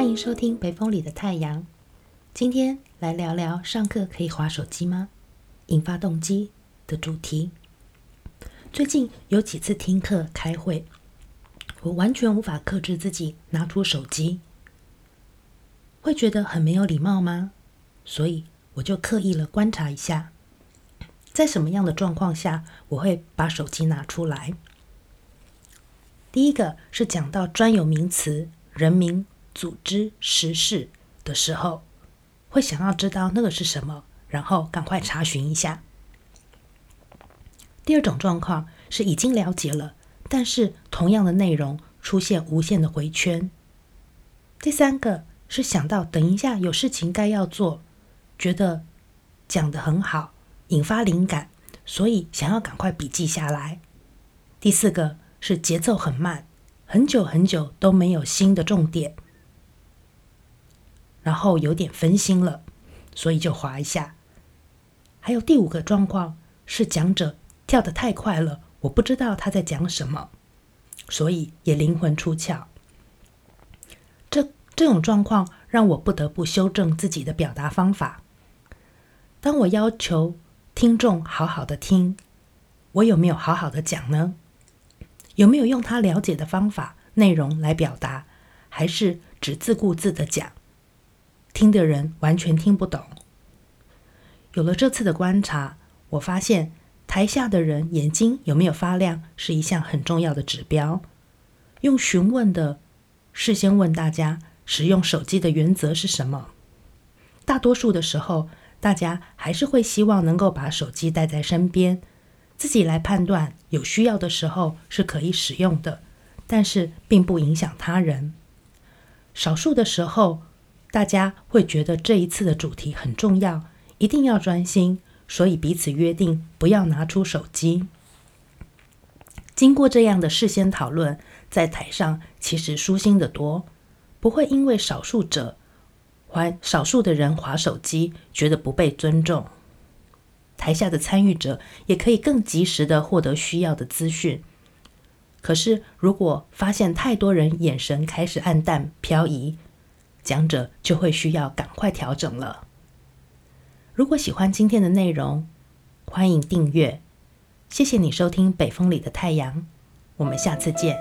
歡迎收聽《北風裡的太陽》。今天來聊聊上課可以滑手機嗎？引發動機的主題。最近有幾次聽課、開會，我完全無法克制自己拿出手機，會覺得很沒有禮貌嗎？所以我就刻意了觀察一下，在什麼樣的狀況下我會把手機拿出來。第一個是講到專有名詞人名。組織時事的時候，會想要知道那個是什麼，然後趕快查詢一下。第二種狀況是已經了解了，但是同樣的內容出現無限的迴圈。第三個是想到等一下有事情該要做，覺得講得很好，引發靈感，所以想要趕快筆記下來。第四個是節奏很慢，很久很久都沒有新的重點。然後有點分心了，所以就滑一下。還有第五個狀況是講者跳得太快了，我不知道他在講什麼，所以也靈魂出竅。這這種狀況讓我不得不修正自己的表達方法。當我要求聽眾好好的聽，我有沒有好好的講呢？有沒有用他了解的方法、內容來表達，還是只自顧自的講？聽的人完全聽不懂。有了這次的觀察，我發現台下的人眼睛有沒有發亮是一項很重要的指標。用詢問的，事先問大家使用手機的原則是什麼？大多數的時候，大家還是會希望能夠把手機帶在身邊，自己來判斷有需要的時候是可以使用的，但是並不影響他人。少數的時候，大家會覺得這一次的主題很重要，一定要專心，所以彼此約定不要拿出手機。經過這樣的事先討論，在台上其實舒心得多，不會因為少數者、還少數的人滑手機，覺得不被尊重。台下的參與者也可以更及時的獲得需要的資訊。可是，如果發現太多人眼神開始黯淡、飄移，講者就會需要趕快調整了。如果喜歡今天的內容，歡迎訂閱。謝謝你收聽《北風裡的太陽》，我們下次見。